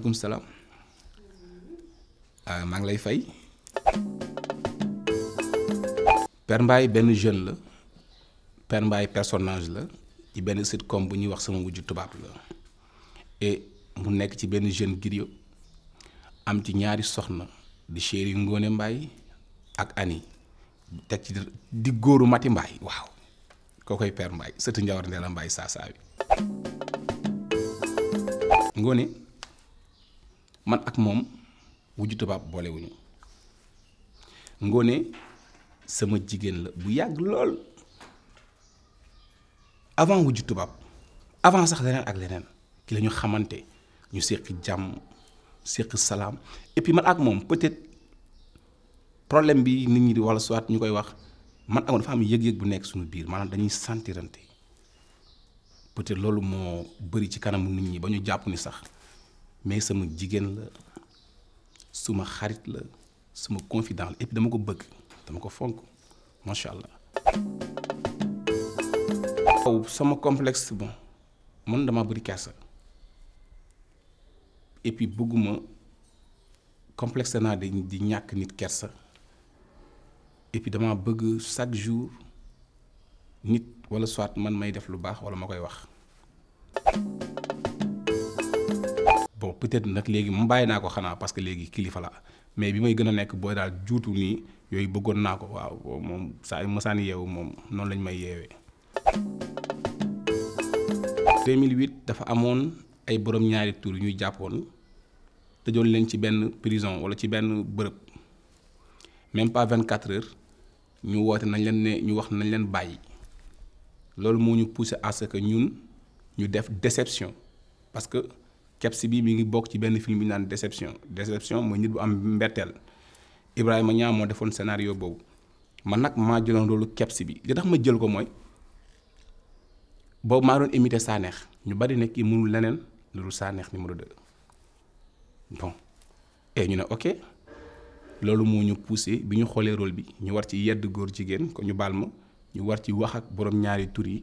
maaleykum salaam euh, lay fay Père benn jeune la Père personnage la ci benn sitcom bu ñuy wax sama wujju tubaab la et mu nekk ci benn jeune griot am ci ñaari soxna di Chéri ngoone Mbaye ak Annie teg ci di góoru Mati Mbaye waaw koo koy Père Mbaye sëtu Njawar Ndella Mbaye saa saa bi Ngone man ak wuju wujju tubaab boolewuñu Ngone sama jigen la bu yag lol avant wuju tubaab avant sax lenen ak lenen ki lañu xamanté ñu jam salam et puis man ak mom peut-être problème bi nit ñi di wala soit ñukoy wax man amone moom yeg yeg bu nek suñu biir maanaam dañuy sentirante peut-être lolu mo bëri ci kanam nit ñi bañu japp ni sax mais sama jigéen la suma xarit la suma confident la et puis dama ko bëgg dama ko fonk macha allah. waaw sama complexe bon man dama bëri kersa et puis bëgguma complexe na di di ñàkk nit kersa et puis dama bëgg chaque jour nit wala soit man may def lu baax walla ma koy wax bon peut-être nak légui mu bàyyi ko xana parce que légui kilifa la mais bi may gëna nek boy dal daal ni yoy yooyu nako waaw mom sa yu masaan yew mom non lañ may yewé 2008 dafa amone ay borom ñaari tour yu ñuy te tëjoon leen ci benn prison wala ci benn bërëb même pas 24 heures ñu woote nañ leen ne ñu wax nañ leen bàyyi loolu moo ñu pousser à ce que ñun ñu def déception parce que. keps bi mi ngi bokk ci benn film bi ñu naan déception déception mooy nit bu am mberteel Ibrahima Niang moo defoon scénario boobu man nag maa jëloon loolu keps bi li tax ma jël ko mooy boobu maa doon imité Sanekh ñu bari ne kii mënul leneen lu dul Sanekh numéro 2 bon et eh, ñu ne ok loolu moo ñu poussé bi ñu xoolee rôle bi ñu war ci yedd góor jigéen ko ñu baal ma ñu war ci wax ak borom ñaari tur yi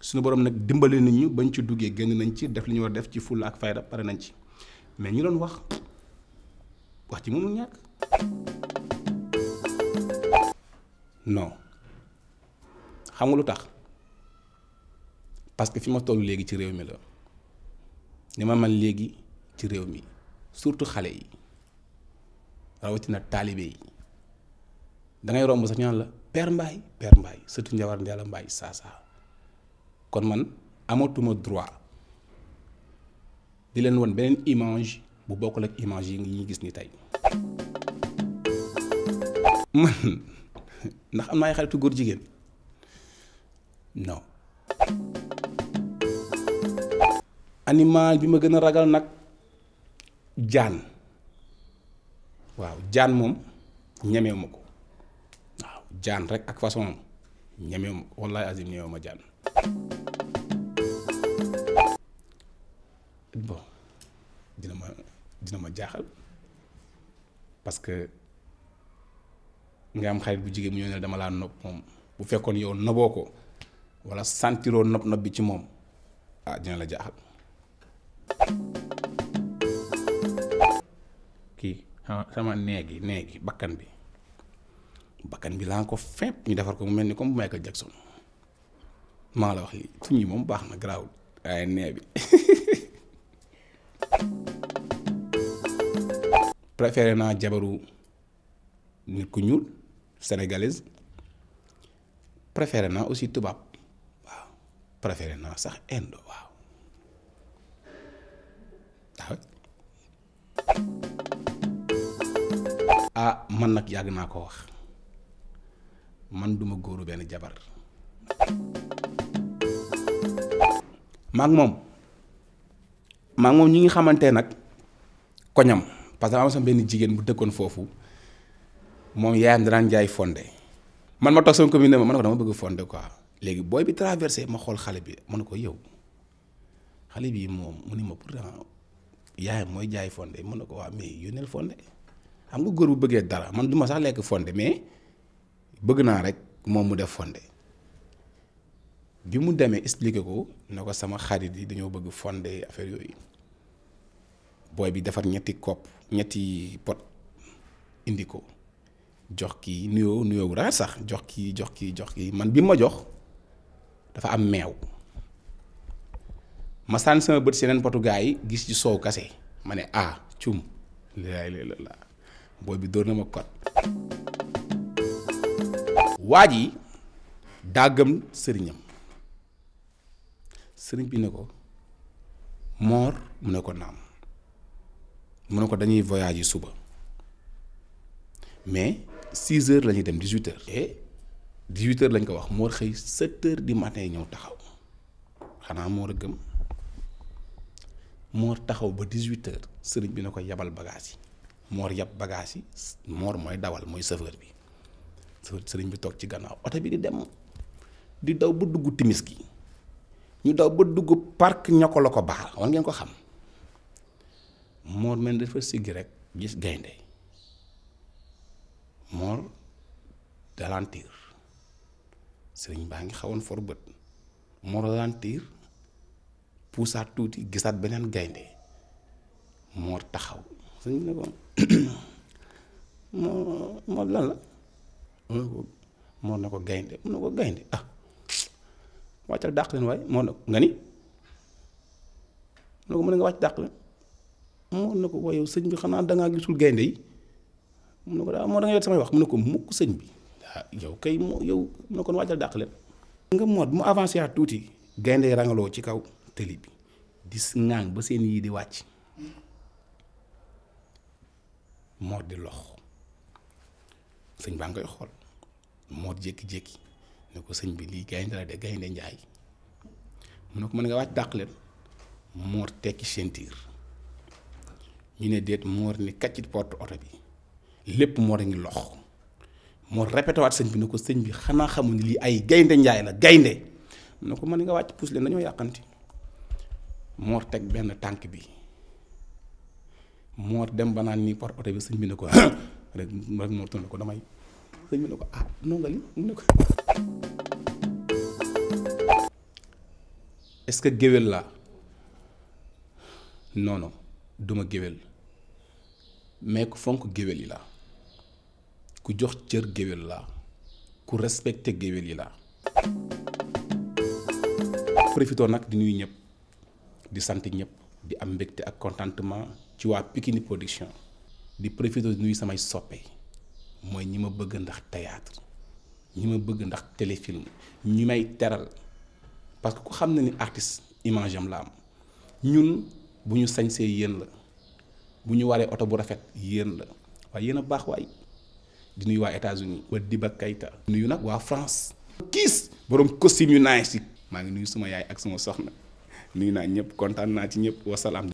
suñu borom nag dimbali nañ ñu bañ ci duggee génn nañ ci def li ñu war def ci full ak fayda pare nañ ci mais ñu doon wax wax ci mënul ñàkk non xam nga lu tax parce que fi ma toll léegi ci réew mi la ni ma man léegi ci réew mi surtout xale yi rawatina taalibe yi da ngay romb sax ñaan la père mbaay père mbaay surtout njawar ndeela mbaay saa saa kon man amatuma droit di leen won benen image bu bokkul ak image yi ngi gis ni tay man ndax am ay xaritu gor jigen non animal bi ma gëna ragal nak jaan waaw jaan moom ñemewuma ko waaw jaan rek ak façon ñemew wallaay azim ñemew ma jaan dina ma dina ma jaaxal parce que nga am xarit bu jigéen mu ñëw ne dama laa nopp moom bu fekkoon yow noboo ko wala sentiroo nopp nopp bi ci moom ah dina la jaaxal kii ah, sama néegi néegi bakkan bi bakkan bi laa ko fep ñu defar ko mu melni comme Michael Jackson ma la wax li tuñ yi moom na graw ay bi préféré na jabaru nit ku ñuul sénégalaise préféré na aussi tubab waaw préféré na sax indo waaw ah, ah man nak yag na ko wax man duma góor benn jabar maak moom maak moom ñi ngi xamante nag koñam parce que ma am sama benn jigéen bu dëkkoon foofu moom yaayam danaan jaay fonde man ma toog sama commune ne ma ne ko dama bëgg fonde quoi léegi booy bi traversé ma xool xale bi ma ne ko yow xale bii moom mu ni ma pourtant yaayam mooy jaay fonde ma na ko waa mais yónneel fonde xam nga góor bu bëggee dara man duma sax lekk fonde mais bëgg naa rek moom mu def fonde bi mu demee explique ko na ko sama xarit yi dañoo bëgg fonde affaire yooyu booy bi defar ñetti kopp ñetti pot indi ko jox ki nuyoo nuyoo bu sax jox ki jox ki jox kii man bi ma jox dafa am meew ma sànni sama bët si yeneen potu gis ci soow kase ma ne ah cum booy bi dóor na ma kot Wadi, dagam bi ne ko mu ne naam mu ne dañuy voyage suba mais six heures la dem dix-huit heures et dix-huit heures lañ ko wax du matin ñëw taxaw xanaa moor ba dix-huit heures yabal bagage yab bagage dawal sering bi tok ci gannaaw auto bi di dem di daw bu dugg timis gi ñu daw ba dugg park ñoko lako more baal war ngeen ko xam mor men dafa sigi rek gis gaynde mor dalantir sering baa ngi xawoon for beut mor dalantir puusaat touti gisat benen gaynde mor taxaw sering ne ko mo mo lan la mun na ko moor na ko gaynde mun na ko gaynde ah wàccal dàq leen waaye moor na ko nga ni mun na ko mën nga wàcc dàq leen moor na ko waaye sëñ bi xanaa dangaa gisul gaynde yi mun na ko daa ah, moo da wax mun ko sëñ bi ah, yow kay moo yow mun na ko mu avancé tuuti gaynde rangaloo ci kaw tëli bi di ŋaaŋ ba seen yii di wàcc moor di lox sëñ baa ngay xool moo jékki-jékki ne ko sëñ bi lii gaynde la de gaynde njaay mu ne ko mën nga wàcc dàq leen moor tekki ceinture ñu ne déet moor ni kaccit porte oto bi lépp moor a ngi lox moor répété sëñ bi ne ko sëñ bi xanaa xamuñ lii ay gaynde njaay la gaynde mu ne ko mën nga wàcc puus leen dañoo yàqanti moor teg benn tànk bi moor dem ba naan nii porte oto bi sëñ bi ne ko rek rek moor tund ko damay sëñ bi ne ko ah nongali mu ne ko est-ce que géwél laa non non duma géwél mais ku fonk géwél yi laa ku jox cër géwél laa ku respecté géwél yi laa profitoo nag di nuyu ñëpp di sant ñëpp di am mbégte ak contentement ci waa Pikini Production di profitoo di nuyu samay soppe mooy ñi ma bëgg ndax théâtre ñi ma bëgg ndax téléfilm ñi may teral parce que ku xam na ni artiste image am la am ñun bu ñu sañsee yéen la bu ñu waree oto bu rafet yéen la waaye yéen a baax waay di nuyu waa États-Unis wa Diba Kayta nuyu nag waa France. kiis borom costume yu naaj si. maa ngi nuyu suma yaay ak suma soxna nuyu naa ñëpp kontaan naa ci ñëpp wasalaam.